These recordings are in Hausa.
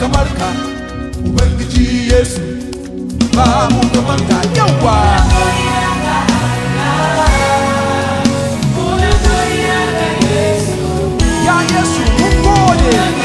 marka ubangiji yesu ba mu ka marka yawa Yeah, yes, who called it?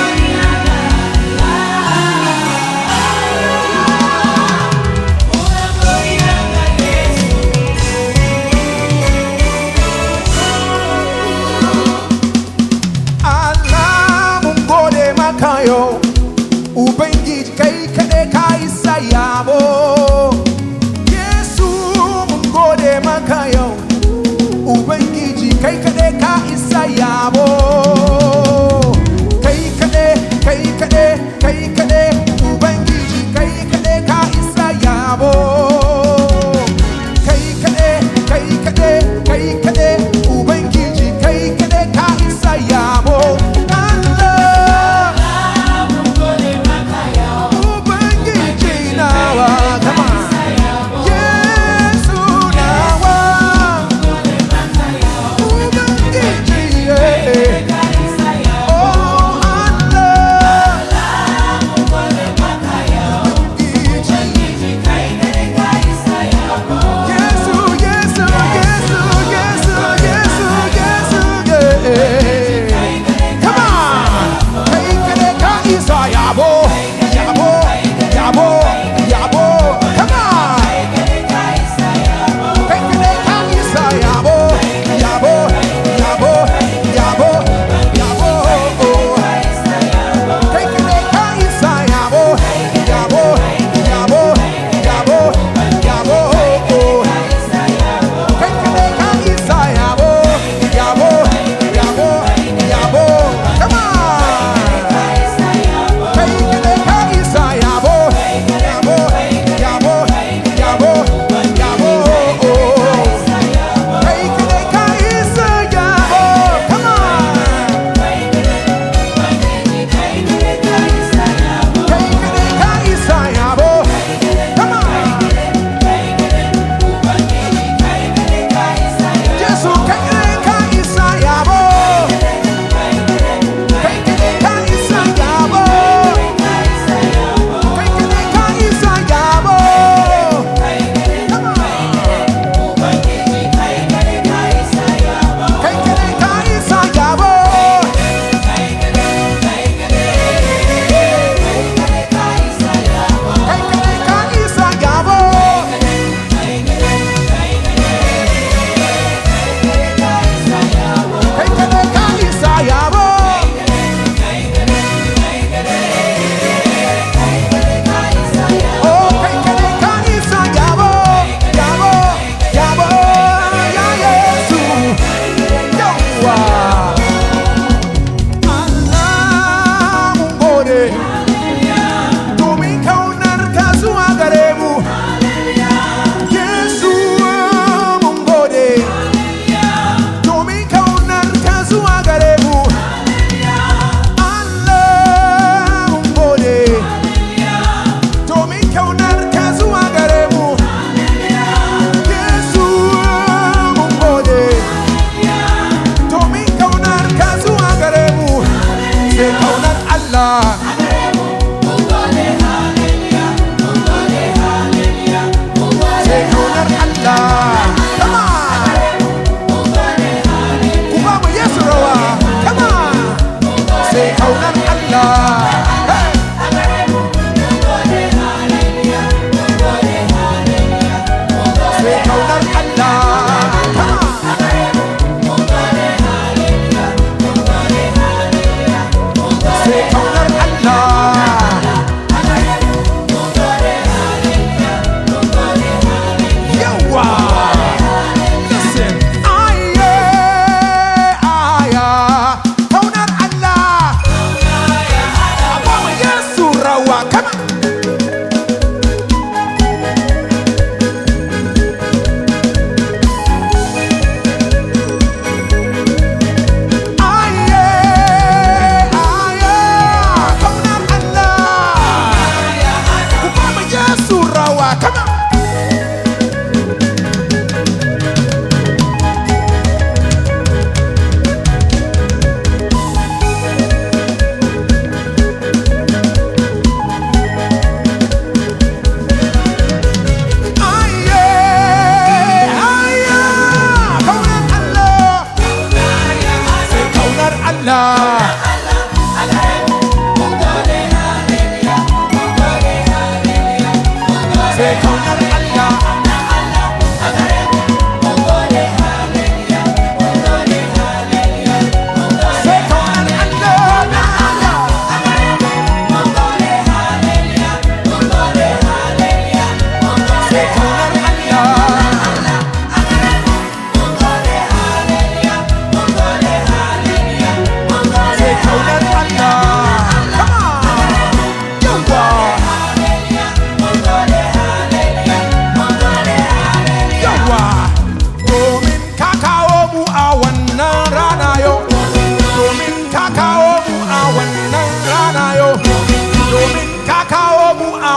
Surawa. Come on. Nah.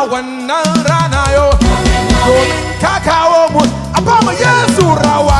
na wannan rana yau domin kakawo mu a ba mu yesu rawa